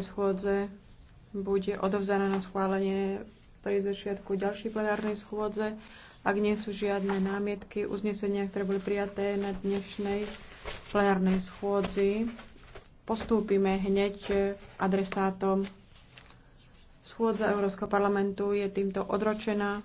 schôdze bude odovzdaná na schválenie pri začiatku ďalšej plenárnej schôdze. Ak nie sú žiadne námietky, uznesenia, ktoré boli prijaté na dnešnej plenárnej schôdzi, postúpime hneď adresátom. Schôdza Európskeho parlamentu je týmto odročená.